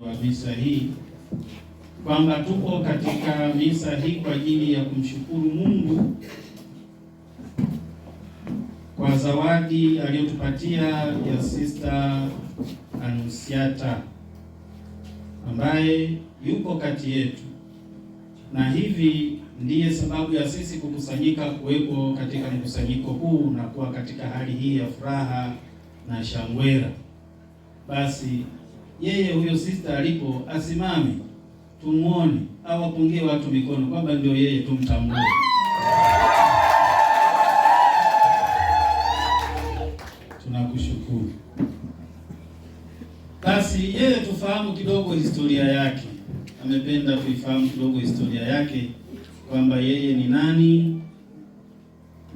wa misa hii kwamba tuko katika misa hii kwa ajili ya kumshukuru Mungu kwa zawadi aliyotupatia ya sister Anusiata ambaye yuko kati yetu, na hivi ndiye sababu ya sisi kukusanyika, kuwepo katika mkusanyiko huu na kuwa katika hali hii ya furaha na shangwera. Basi yeye huyo sister alipo asimame, tumuone au apungie watu mikono kwamba ndio yeye, tumtambue. Tunakushukuru. Basi yeye tufahamu kidogo historia yake, amependa tuifahamu kidogo historia yake kwamba yeye ni nani,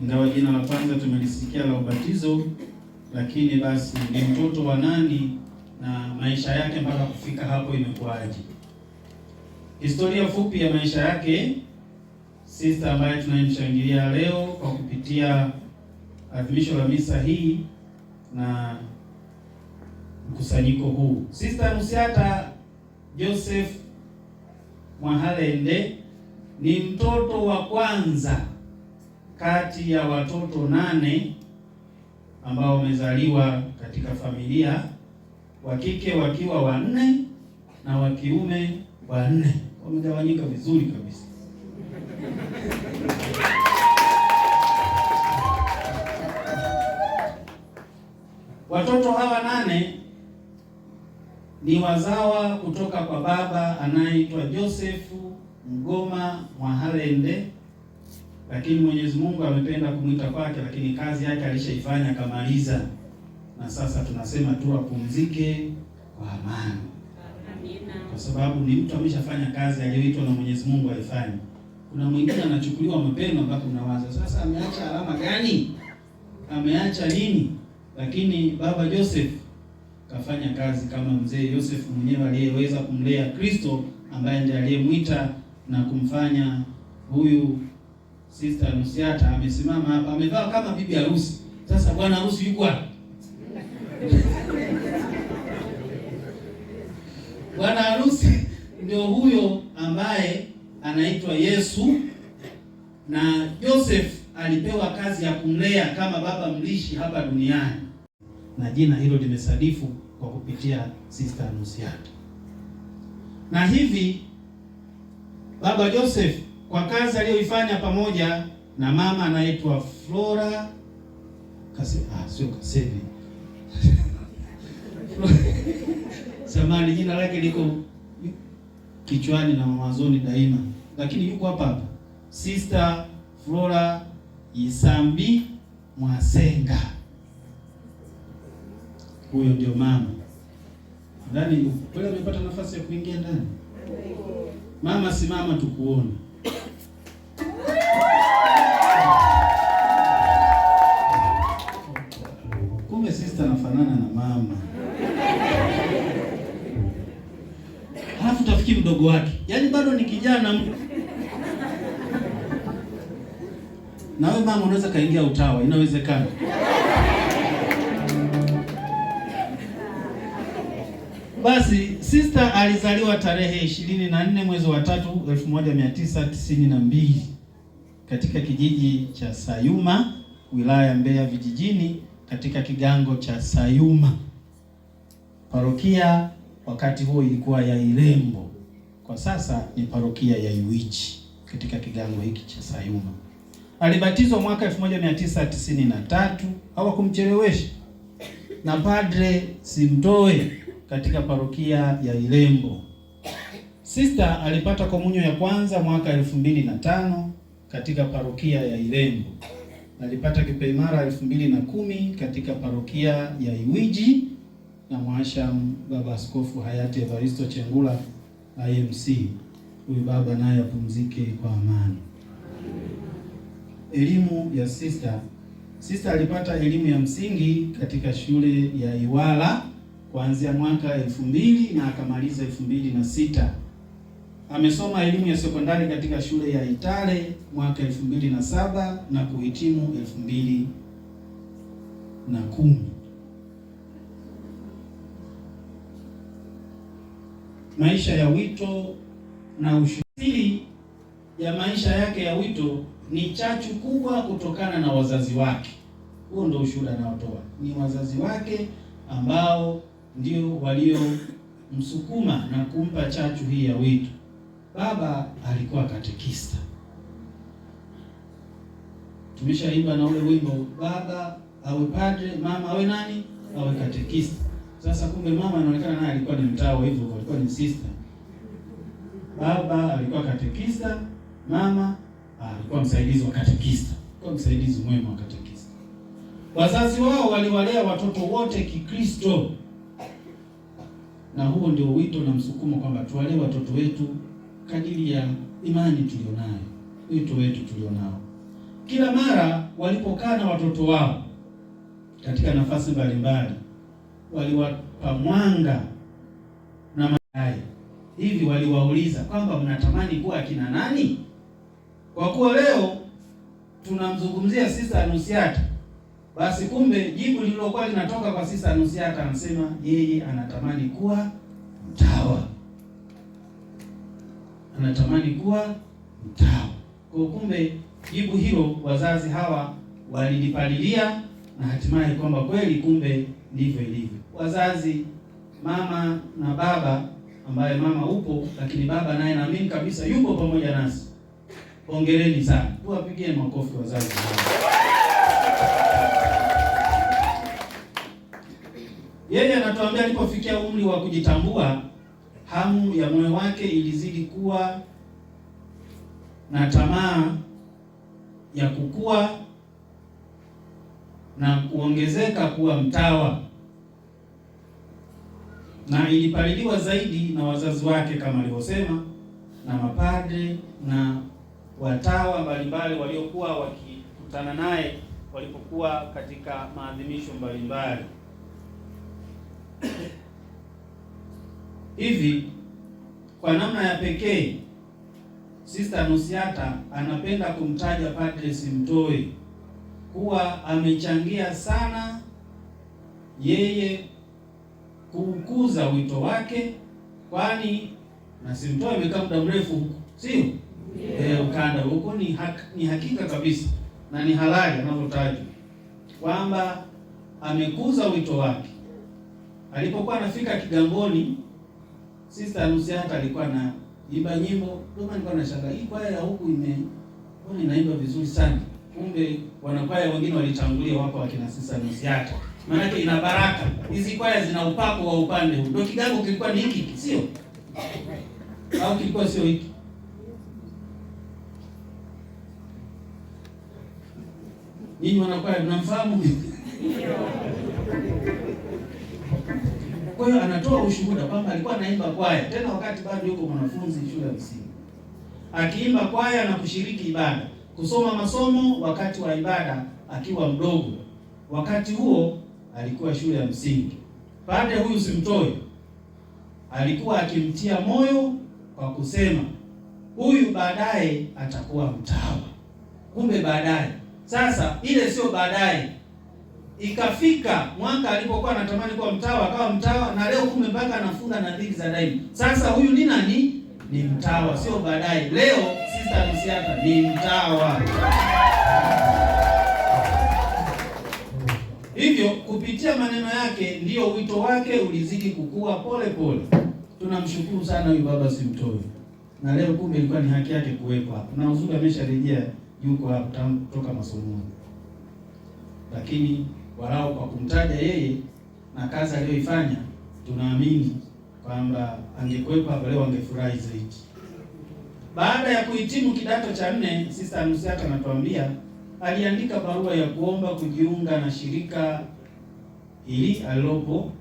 ingawa jina la kwanza tumelisikia la ubatizo, lakini basi ni mtoto wa nani na maisha yake mpaka kufika hapo imekuwaje. Historia fupi ya maisha yake sister ambaye tunayemshangilia leo kwa kupitia adhimisho la misa hii na mkusanyiko huu, Sister Lusiata Joseph Mwahalende ni mtoto wa kwanza kati ya watoto nane ambao wamezaliwa katika familia wa kike wakiwa wanne na wa kiume wanne, wamegawanyika vizuri kabisa. Watoto hawa nane ni wazawa kutoka kwa baba anayeitwa Josefu Mgoma Mwahalende, lakini Mwenyezi Mungu amependa kumwita kwake, lakini kazi yake alishaifanya akamaliza na sasa tunasema tu apumzike kwa amani, kwa sababu ni mtu ameshafanya kazi aliyoitwa na Mwenyezi Mungu aifanye. Kuna mwingine anachukuliwa mapema mpaka unawaza sasa, ameacha alama gani? Ameacha nini? Lakini baba Joseph kafanya kazi kama mzee Joseph mwenyewe aliyeweza kumlea Kristo, ambaye ndiye aliyemwita na kumfanya huyu Sister Nusiata amesimama hapa, amevaa kama bibi harusi. Sasa bwana harusi yuko wapi? ndio huyo ambaye anaitwa Yesu, na Joseph alipewa kazi ya kumlea kama baba mlishi hapa duniani, na jina hilo limesadifu kwa kupitia Sister Anusiata. Na hivi baba Joseph kwa kazi aliyoifanya pamoja na mama anaitwa Flora Kase, ah, sio Kasevi. samani jina lake liko kichwani na mawazoni daima, lakini yuko hapa hapa Sister Flora Isambi Mwasenga, huyo ndio mama ndani. Kweli amepata nafasi ya kuingia ndani. Mama simama tukuone. tukuona mdogo wake, yaani bado ni kijana mtu. Na wewe mama unaweza kaingia utawa, inawezekana. Basi sister alizaliwa tarehe 24 mwezi wa 3 1992 katika kijiji cha Sayuma wilaya ya Mbeya vijijini katika kigango cha Sayuma. Parokia wakati huo ilikuwa ya Irembo kwa sasa ni parokia ya Iwichi katika kigango hiki cha Sayuma. Alibatizwa mwaka 1993 hawakumchelewesha na Padre Simtoe katika parokia ya Ilembo. Sister alipata komunyo ya kwanza mwaka 2005 katika parokia ya Ilembo. Alipata kipaimara 2010 katika parokia ya Iwiji na mwasham Baba Askofu hayati Evaristo Chengula IMC, huyu baba naye apumzike kwa amani. Elimu ya sister. Sister alipata elimu ya msingi katika shule ya Iwala kuanzia mwaka elfu mbili na akamaliza elfu mbili na sita. Amesoma elimu ya sekondari katika shule ya Itale mwaka elfu mbili na saba na kuhitimu elfu mbili na kumi. maisha ya wito na ushuhuri ya maisha yake ya wito ni chachu kubwa kutokana na wazazi wake. Huo ndio ushuhuda anaotoa, ni wazazi wake ambao ndio waliomsukuma na kumpa chachu hii ya wito. Baba alikuwa katekista, tumeshaimba na ule wimbo, baba awe padre, mama awe nani, awe katekista. Sasa kumbe mama anaonekana naye alikuwa ni mtawa hivyo, alikuwa ni sister, baba alikuwa katekista, mama alikuwa msaidizi wa katekista, kwa msaidizi mwema wa katekista. Wazazi wao waliwalea watoto wote Kikristo, na huo ndio wito na msukumo kwamba tuwalee watoto wetu kadiri ya imani tulionayo, wito wetu tulionao. Kila mara walipokaa na watoto wao katika nafasi mbalimbali waliwapa mwanga na mayai hivi, waliwauliza kwamba mnatamani kuwa akina nani? Kwa kuwa leo tunamzungumzia sisa Anusiata, basi kumbe jibu lililokuwa linatoka kwa sisa Anusiata anasema yeye anatamani kuwa mtawa, anatamani kuwa mtawa. Kwa kumbe jibu hilo wazazi hawa walilipalilia na hatimaye kwamba kweli kumbe ndivyo ilivyo wazazi, mama na baba, ambaye mama upo, lakini baba naye naamini kabisa yupo pamoja nasi. Hongereni sana, tuwapigie makofi wazazi. Yeye anatuambia alipofikia umri wa kujitambua, hamu ya moyo wake ilizidi kuwa na tamaa ya kukua na kuongezeka kuwa mtawa na ilipaliliwa zaidi na wazazi wake kama alivyosema, na mapadre na watawa mbalimbali waliokuwa wakikutana naye walipokuwa katika maadhimisho mbalimbali. Hivi kwa namna ya pekee Sister Nusiata anapenda kumtaja Padre Simtoi kuwa amechangia sana yeye kupuuza wito wake, kwani nasimtoa imekaa muda mrefu huko, sio yeah. E, ukanda huko ni, hak, ni hakika kabisa na ni halali anavyotajwa kwamba amekuza wito wake. Alipokuwa anafika Kigamboni, Sister Anusia hata alikuwa na imba nyimbo, ndio alikuwa anashanga hii kwaya ya huku ime inaimba vizuri sana, kumbe wanakwaya wengine walitangulia, wapo wakina Sister Anusia hata maanake ina baraka. Hizi kwaya zina upako wa upande huu. Ndio kigango kilikuwa ni hiki, sio au kilikuwa sio hiki? Ninyi wanakwaya mnamfahamu? Kwa hiyo anatoa ushuhuda kwamba alikuwa anaimba kwaya tena wakati bado yuko mwanafunzi shule ya msingi, akiimba kwaya na kushiriki ibada, kusoma masomo wakati wa ibada akiwa mdogo. Wakati huo alikuwa shule ya msingi. Pande huyu simtoi, alikuwa akimtia moyo kwa kusema huyu baadaye atakuwa mtawa. Kumbe baadaye sasa, ile sio baadaye, ikafika mwaka alipokuwa anatamani kuwa mtawa akawa mtawa, na leo kumbe mpaka anafunga dhiki za daima. Sasa huyu ni nani? Ni mtawa, sio baadaye. Leo Sista Lusiaka ni mtawa. Hivyo kupitia maneno yake ndiyo wito wake ulizidi kukua pole pole. Tunamshukuru sana huyu Baba Simtoe, na leo kumbe ilikuwa ni haki yake kuwepo hapa, na uzuri amesharejea yuko hapa kutoka masomoni, lakini walau kwa kumtaja yeye na kazi aliyoifanya, tunaamini kwamba angekuwepo hapa leo angefurahi zaidi. Baada ya kuhitimu kidato cha nne, Sister Nusiata anatuambia aliandika barua ya kuomba kujiunga na shirika hili alilopo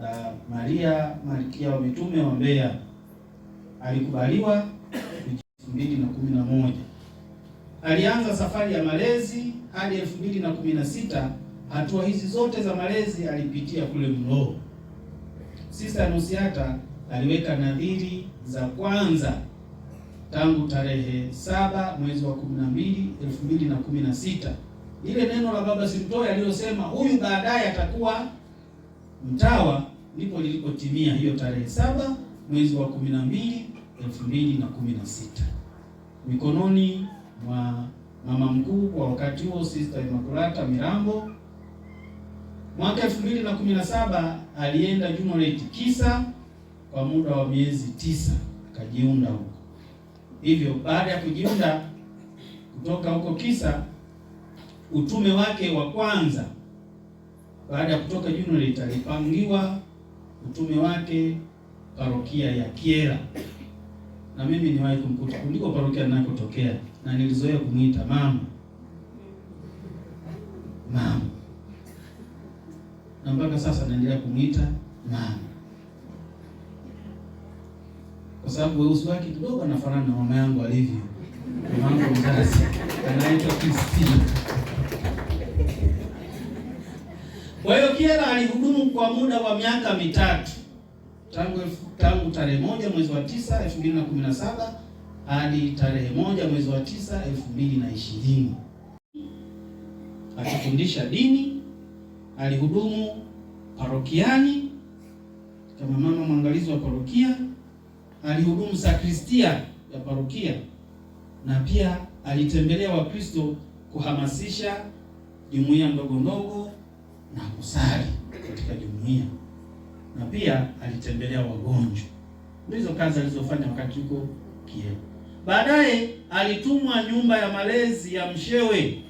la Maria Malkia wa Mitume wa Mbeya. Alikubaliwa moja. Alianza safari ya malezi hadi sita. Hatua hizi zote za malezi alipitia kule mloo Sista Nusiata aliweka nadhiri za kwanza tangu tarehe saba mwezi wa 12 2016, ile neno la Baba Simtoe aliyosema huyu baadaye atakuwa mtawa, ndipo lilipotimia hiyo tarehe saba mwezi wa 12 2016, mikononi mwa mama mkuu kwa wakati huo Sister Imakulata Mirambo. Mwaka 2017 alienda Jumoreti kisa kwa muda wa miezi tisa, akajiunda huko Hivyo baada ya kujiunda kutoka huko Kisa, utume wake wa kwanza baada ya kutoka Junolita alipangiwa utume wake parokia ya Kiera, na mimi niwahi kumkuta kuliko parokia ninakotokea, na nilizoea kumwita mama mama, na mpaka sasa naendelea kumwita mama kwa sababu weusi wake kidogo anafanana na mama yangu alivyo, mama yangu mzazi anaitwa Christine. Kwa hiyo Kiera alihudumu kwa muda wa miaka mitatu tangu tangu tarehe moja mwezi wa tisa elfu mbili na kumi na saba hadi tarehe moja mwezi wa tisa elfu mbili na ishirini akifundisha dini. Alihudumu parokiani kama mama mwangalizi wa parokia alihudumu sakristia ya parokia na pia alitembelea Wakristo kuhamasisha jumuiya ndogo ndogo na kusali katika jumuiya, na pia alitembelea wagonjwa. Ndizo kazi alizofanya wakati huko Kiev. Baadaye alitumwa nyumba ya malezi ya Mshewe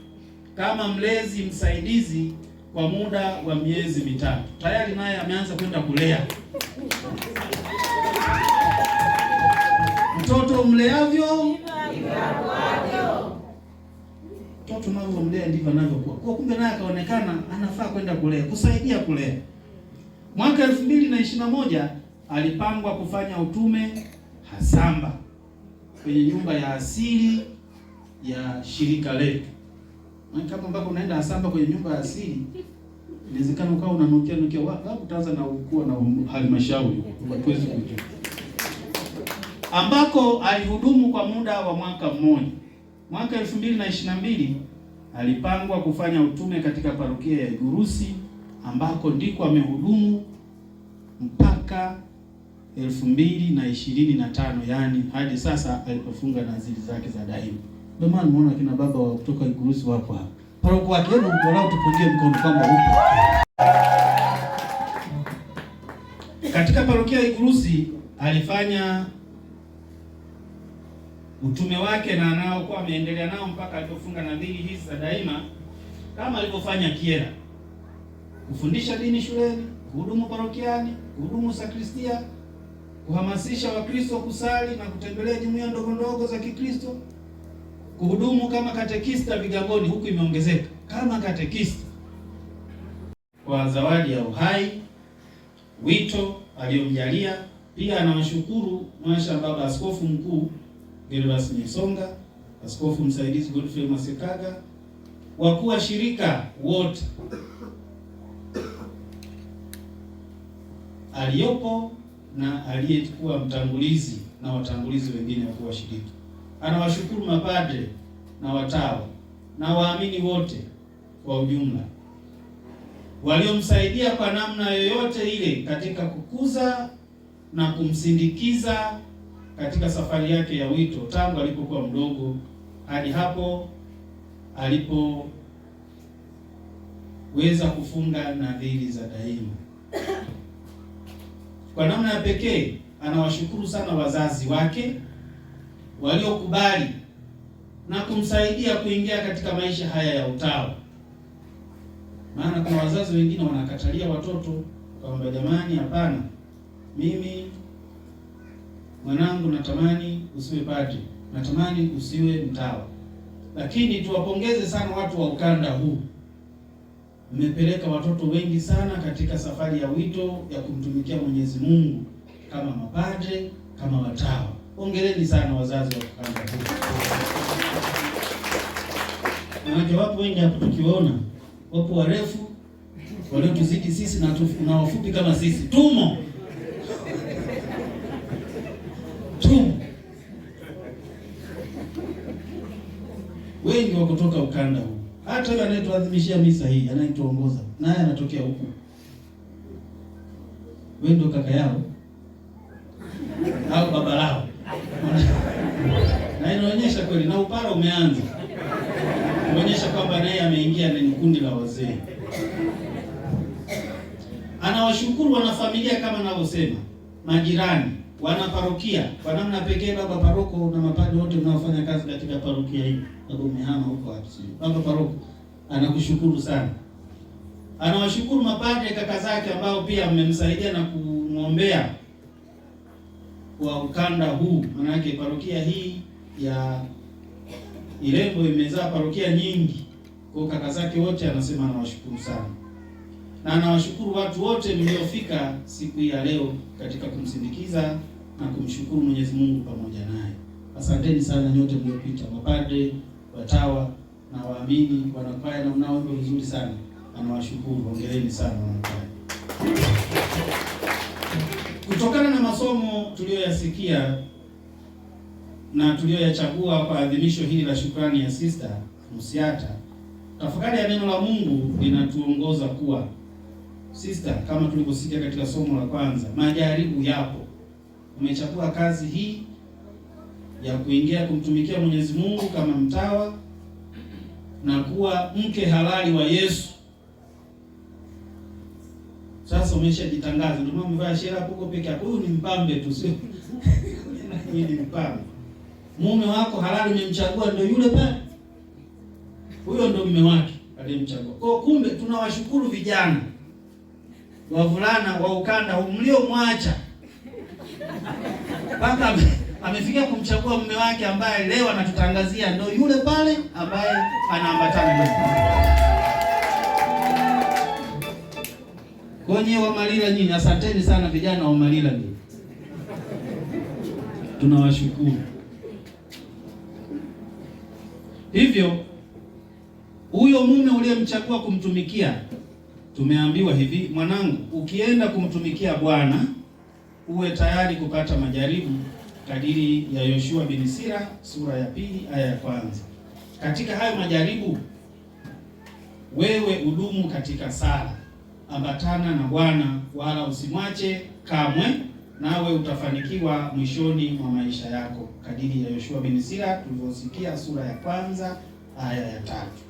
kama mlezi msaidizi kwa muda wa miezi mitatu. Tayari naye ameanza kwenda kulea watoto mleavyo mtoto unavyomlea ndivyo anavyokuwa. Kwa kumbe naye akaonekana anafaa kwenda kulea, kusaidia kulea. Mwaka elfu mbili na ishirini na moja alipangwa kufanya utume Hasamba kwenye nyumba ya asili ya shirika letu. Kama ambako unaenda Hasamba kwenye nyumba ya asili, inawezekana ukawa unanukia nukia, utaanza na ukua na halmashauri, hatuwezi kujua ambako alihudumu kwa muda wa mwaka mmoja. Mwaka 2022 alipangwa kufanya utume katika parokia ya Igurusi ambako ndiko amehudumu mpaka 2025 yani hadi sasa alipofunga nadhiri zake za daima. Ndio maana unaona kina baba wa kutoka Igurusi wapo hapa. Paroko wake ndio mkolao tupungie mkono kama upo. Katika parokia ya Igurusi alifanya utume wake na anaokuwa ameendelea nao mpaka alipofunga nadhiri hizi za daima, kama alivyofanya Kiera: kufundisha dini shuleni, kuhudumu parokiani, kuhudumu sakristia, kuhamasisha Wakristo kusali na kutembelea jumuiya ndogo ndogo za Kikristo, kuhudumu kama katekista Vigamboni, huku imeongezeka kama katekista kwa zawadi ya uhai, wito aliyomjalia. Pia anawashukuru Mwasha Baba Askofu Mkuu Gervas Nyesonga, askofu msaidizi Godfrey Masekaga, wakuu wa shirika wote aliyopo na aliyekuwa mtangulizi na watangulizi wengine wakuu wa shirika. Anawashukuru mapadre na watawa na waamini wote kwa ujumla waliomsaidia kwa namna yoyote ile katika kukuza na kumsindikiza katika safari yake ya wito tangu alipokuwa mdogo hadi hapo alipoweza kufunga nadhiri za daima. Kwa namna ya pekee anawashukuru sana wazazi wake waliokubali na kumsaidia kuingia katika maisha haya ya utawa. Maana kuna wazazi wengine wanakatalia watoto kwamba jamani, hapana, mimi mwanangu, natamani usiwe padri, natamani usiwe mtawa, lakini tuwapongeze sana watu wa ukanda huu, mmepeleka watoto wengi sana katika safari ya wito ya kumtumikia Mwenyezi Mungu kama mapadre, kama watawa. Hongereni sana wazazi wa ukanda huu. Manake wapo wengi hapo tukiona wapo warefu waliotuzidi sisi na wafupi kama sisi, tumo wengi wa kutoka ukanda huu. Hata yule anayetuadhimishia misa hii, anayetuongoza naye anatokea huku. Wewe ndio kaka yao au baba lao na inaonyesha kweli, na upara umeanza kuonyesha kwamba naye ameingia ndani kundi la wazee. Anawashukuru wanafamilia kama anavyosema majirani wanaparokia kwa namna pekee, baba paroko na mapadri wote unaofanya kazi katika parokia hii. Baba umehama huko wapi? Baba paroko anakushukuru sana, anawashukuru mapadri kaka zake ambao pia mmemsaidia na kumwombea kwa ukanda huu, manake parokia hii ya Ilembo imezaa parokia nyingi, kwa kaka zake wote anasema anawashukuru sana na nawashukuru watu wote mliofika siku hii ya leo katika kumsindikiza na kumshukuru Mwenyezi Mungu pamoja naye. Asanteni sana nyote mliopita, mapadre, watawa na waamini, wanakwaya na mnaoimba vizuri sana, anawashukuru, hongereni sana wanakwaya. Kutokana na masomo tuliyoyasikia na tuliyoyachagua kwa adhimisho hili la shukrani ya Sista musiata tafakari ya neno la Mungu linatuongoza kuwa Sister, kama tulivyosikia katika somo la kwanza, majaribu yapo. Umechagua kazi hii ya kuingia kumtumikia Mwenyezi Mungu kama mtawa na kuwa mke halali wa Yesu. Sasa umeshajitangaza, ndio maana umevaa shela huko peke yako. Huyu ni mpambe tu, sio ni mpambe. Mume wako halali umemchagua, ndio yule pale, huyo ndio mume wake aliyemchagua. Kwa kumbe tunawashukuru vijana wavulana wa ukanda mliomwacha mpaka amefikia kumchagua mume wake ambaye leo anatutangazia ndio yule pale ambaye anaambatana na Kwenye wa Malila nyinyi, asanteni sana vijana wa Malila nyinyi, tunawashukuru. Hivyo huyo mume uliyemchagua kumtumikia tumeambiwa hivi, mwanangu, ukienda kumtumikia Bwana uwe tayari kupata majaribu, kadiri ya Yoshua bin Sira sura ya pili aya ya kwanza. Katika hayo majaribu, wewe udumu katika sala, ambatana na Bwana wala usimwache kamwe, nawe utafanikiwa mwishoni mwa maisha yako, kadiri ya Yoshua bin Sira tulivyosikia sura ya kwanza aya ya tatu.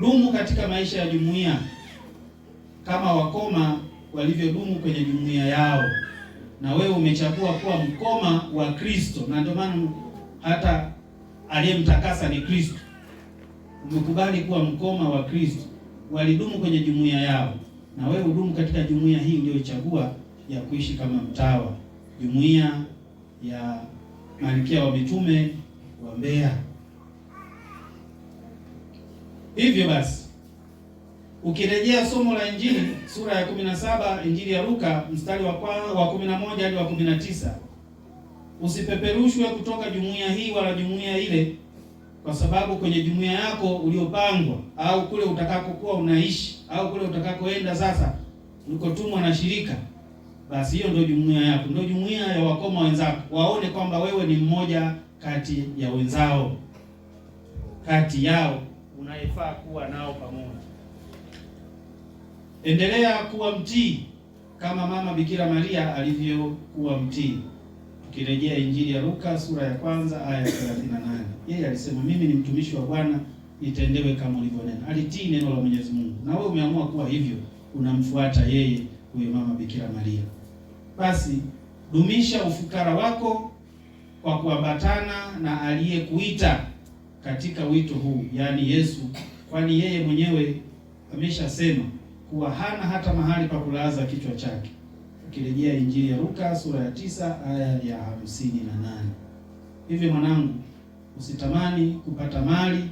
Dumu katika maisha ya jumuiya kama wakoma walivyodumu kwenye jumuiya yao, na wewe umechagua kuwa mkoma wa Kristo, na ndio maana hata aliyemtakasa ni Kristo. Umekubali kuwa mkoma wa Kristo, walidumu kwenye jumuiya yao, na wewe udumu katika jumuiya hii uliyochagua ya kuishi kama mtawa, jumuiya ya Malkia wa Mitume wa Mbeya. Hivyo basi Ukirejea somo la Injili sura ya 17 Injili ya Luka mstari wa wa 11 hadi wa 19, usipeperushwe kutoka jumuiya hii wala jumuiya ile, kwa sababu kwenye jumuiya yako uliopangwa au kule utakakokuwa unaishi au kule utakakoenda sasa ulikotumwa na shirika, basi hiyo ndio jumuiya yako, ndio jumuiya ya wakoma wenzako, waone kwamba wewe ni mmoja kati ya wenzao, kati yao unayefaa kuwa nao pamoja. Endelea kuwa mtii kama mama Bikira Maria alivyokuwa mtii. Tukirejea Injili ya Luka sura ya kwanza aya ya 38, yeye alisema mimi ni mtumishi wa Bwana, nitendewe kama ulivyonena. Alitii neno la Mwenyezi Mungu, na wewe umeamua kuwa hivyo, unamfuata yeye huyo mama Bikira Maria. Basi dumisha ufukara wako kwa kuambatana na aliyekuita katika wito huu, yaani Yesu, kwani yeye mwenyewe ameshasema kuwa hana hata mahali pa kulaza kichwa chake, ukirejea Injili ya Luka sura ya tisa aya ya hamsini na nane. Hivi mwanangu, usitamani kupata mali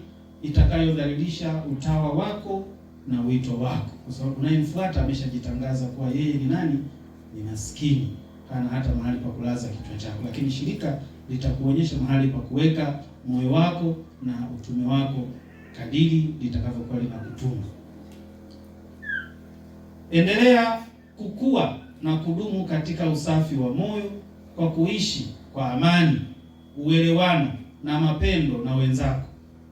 itakayodhalilisha utawa wako na wito wako, kwa sababu unayemfuata ameshajitangaza kuwa yeye ni nani? Ni maskini, hana hata mahali pa kulaza kichwa chako. Lakini shirika litakuonyesha mahali pa kuweka moyo wako na utume wako kadiri litakavyokuwa linakutuma. Endelea kukua na kudumu katika usafi wa moyo kwa kuishi kwa amani, uelewano na mapendo na wenzako,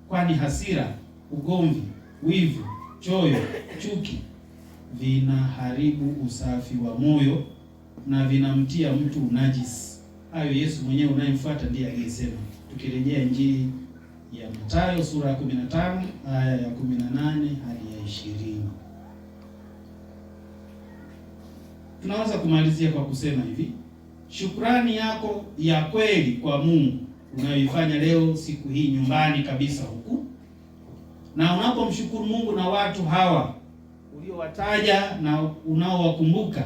kwani hasira, ugomvi, wivu, choyo, chuki vinaharibu usafi wa moyo na vinamtia mtu unajisi. Hayo Yesu mwenyewe unayemfuata ndiye aliyesema, tukirejea Injili ya Mathayo sura ya 15 aya ya 18 hadi ya 20. tunaweza kumalizia kwa kusema hivi: shukrani yako ya kweli kwa Mungu unayoifanya leo siku hii nyumbani kabisa huku, na unapomshukuru Mungu na watu hawa uliowataja na unaowakumbuka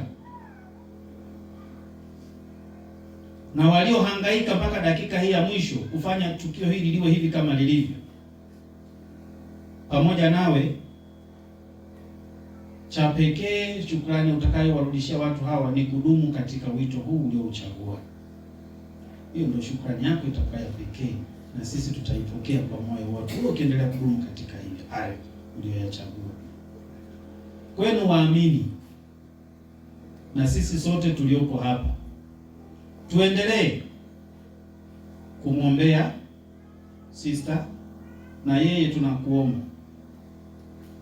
na waliohangaika mpaka dakika hii ya mwisho kufanya tukio hili liwe hivi kama lilivyo, pamoja nawe cha pekee shukrani utakayowarudishia watu hawa ni kudumu katika wito huu uliouchagua. Hiyo ndio shukrani yako itakaya pekee, na sisi tutaipokea kwa moyo wote, huo ukiendelea kudumu katika hiyo hayo uliyoyachagua. Kwenu waamini na sisi sote tuliopo hapa, tuendelee kumwombea sister, na yeye tunakuomba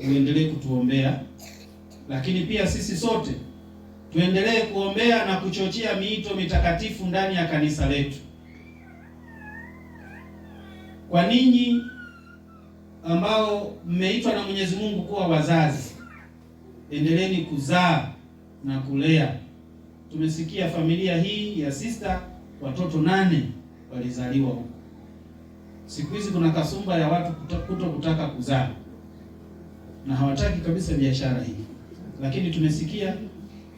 uendelee kutuombea lakini pia sisi sote tuendelee kuombea na kuchochea miito mitakatifu ndani ya kanisa letu. Kwa ninyi ambao mmeitwa na Mwenyezi Mungu kuwa wazazi, endeleeni kuzaa na kulea. Tumesikia familia hii ya sista watoto nane walizaliwa huko. Siku hizi kuna kasumba ya watu kuto kutaka kuzaa na hawataki kabisa biashara hii lakini tumesikia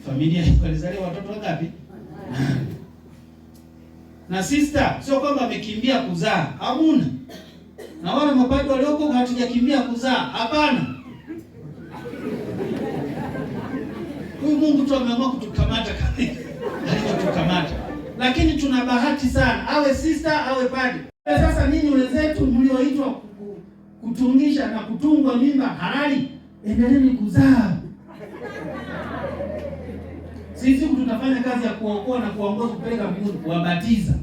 familia alizalia watoto wangapi? na sister, sio kwamba amekimbia kuzaa, hamuna. Na wale mapadri walioko hatujakimbia kuzaa, hapana. Huyu Mungu tu ameamua kutukamata alivyotukamata, lakini tuna bahati sana, awe sister awe padri. Sasa ninyi wenzetu mlioitwa kutungisha na kutungwa mimba halali, endeleeni kuzaa. Sisi tunafanya kazi ya kuwaokoa na kuwaongoza kupeleka mbinguni, kuwabatiza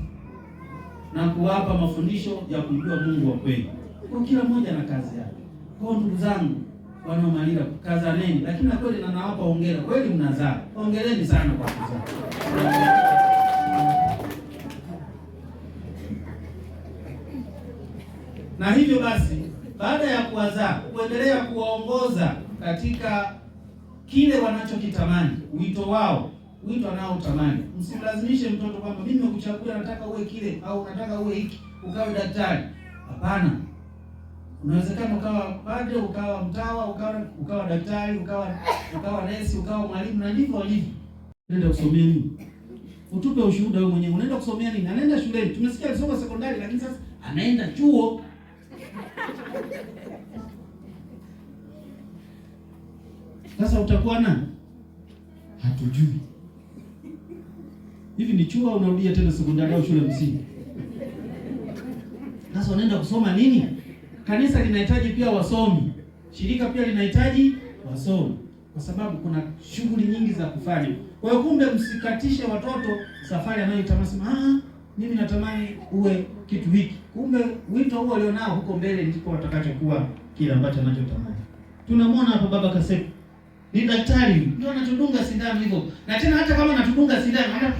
na kuwapa mafundisho ya kumjua Mungu wa kweli. Kwa kila mmoja na kazi yake. Kwa ndugu zangu wanaomaliza kazaneni, lakini na kweli na nawapa hongera, kweli mnazaa. Hongereni sana kwa kuzaa. Na hivyo basi, baada ya kuwazaa, kuendelea kuwaongoza katika kile wanachokitamani, wito wao, wito anaotamani. Msimlazimishe mtoto kwamba mimi nimekuchagua, nataka uwe kile au nataka uwe hiki, ukawe daktari. Hapana, unawezekana ukawa padre, ukawa mtawa, ukawa ukawa daktari, ukawa ukawa nesi, ukawa mwalimu, na ndivyo walivyo. Nenda kusomea nini? Utupe ushuhuda wewe mwenyewe, unaenda kusomea nini? Anaenda shuleni, tumesikia alisoma sekondari, lakini sasa anaenda chuo Sasa utakuwa nani? Hatujui. Hivi ni chuo unarudia tena sekondari au shule msingi? Sasa unaenda kusoma nini? Kanisa linahitaji pia wasomi, shirika pia linahitaji wasomi, kwa sababu kuna shughuli nyingi za kufanya. Kwa hiyo, kumbe msikatishe watoto safari anayoitamani, sema ah, mimi natamani uwe kitu hiki. Kumbe wito huo alionao huko mbele ndiko watakachokuwa kile ambacho anachotamani. Tunamwona hapo baba Kaseku ni daktari ndio anatudunga sindano hivyo, na tena hata kama anatudunga sindano hana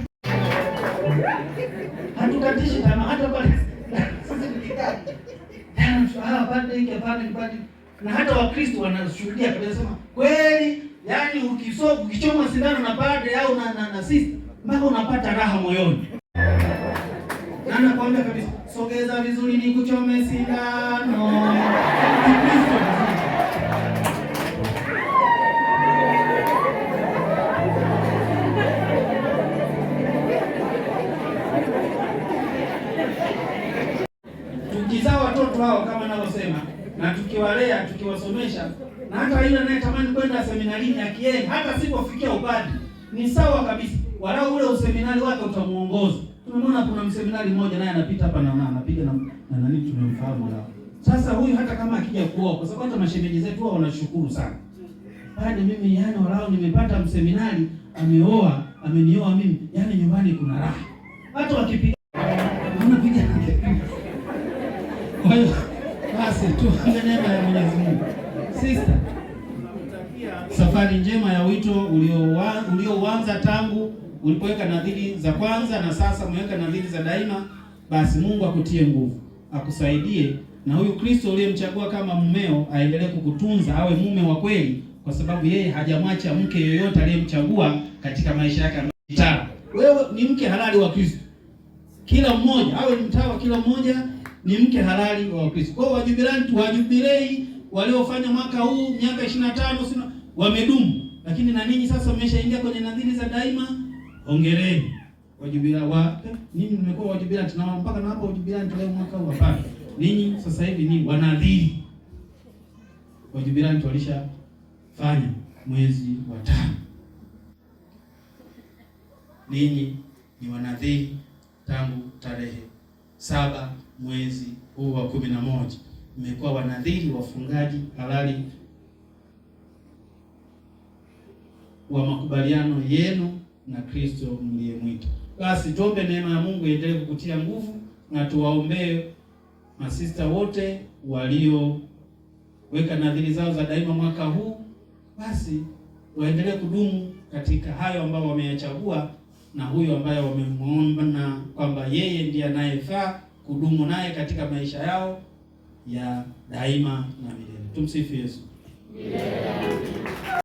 hatukatishi kama hata pale sisi tukikata ah, pande yake pande pande, na hata Wakristo wanashuhudia tunasema kweli, yani ukiso ukichoma sindano na pande au na na, na sisi mpaka unapata raha moyoni, na nakwambia kabisa, sogeza vizuri nikuchome sindano Kristo watoto wao kama anavyosema, na tukiwalea tukiwasomesha, na hata yule anayetamani kwenda seminarini akienda, hata sipofikia ubadi ni sawa kabisa, walau ule useminari wake utamuongoza. Tumeona kuna mseminari mmoja naye anapita hapa na anapiga na na nani, tumemfahamu la sasa. Huyu hata kama akija kuoa, kwa sababu hata mashemeji zetu wao wanashukuru sana, hadi mimi yani, walau nimepata mseminari ameoa, amenioa mimi, yani nyumbani kuna raha, hata wakipiga tuombe neema ya Mwenyezi Mungu. Sister, safari njema ya wito uliouanza tangu ulipoweka nadhiri za kwanza na sasa umeweka nadhiri za daima, basi Mungu akutie nguvu, akusaidie na huyu Kristo uliyemchagua kama mmeo aendelee kukutunza, awe mume wa kweli, kwa sababu yeye hajamwacha mke yoyote aliyemchagua katika maisha yake. Wewe ni mke halali wa Kristo, kila mmoja awe ni mtawa, kila mmoja ni mke halali wa Wakristo. Kwa hiyo wajubilanti wajubilei waliofanya mwaka huu miaka 25 sina wamedumu, lakini na ninyi sasa mmeshaingia kwenye nadhiri za daima, ongereni wajubila wa ninyi mmekuwa wajubilanti na mpaka na hapo wajubilanti leo mwaka huu hapana. Ninyi sasa hivi ni wanadhiri. Wajubilanti fanya mwezi wa tano. Ninyi ni wanadhiri tangu tarehe saba mwezi huu wa kumi na moja mmekuwa wanadhiri wafungaji halali wa makubaliano yenu na Kristo mliyemwita. Basi tuombe neema ya Mungu iendelee kukutia nguvu, na tuwaombee masista wote walioweka nadhiri zao za daima mwaka huu, basi waendelee kudumu katika hayo ambayo wameyachagua na huyo ambaye wamemwomba na kwamba yeye ndiye anayefaa kudumu naye katika maisha yao ya daima na milele. Tumsifu Yesu. Yeah.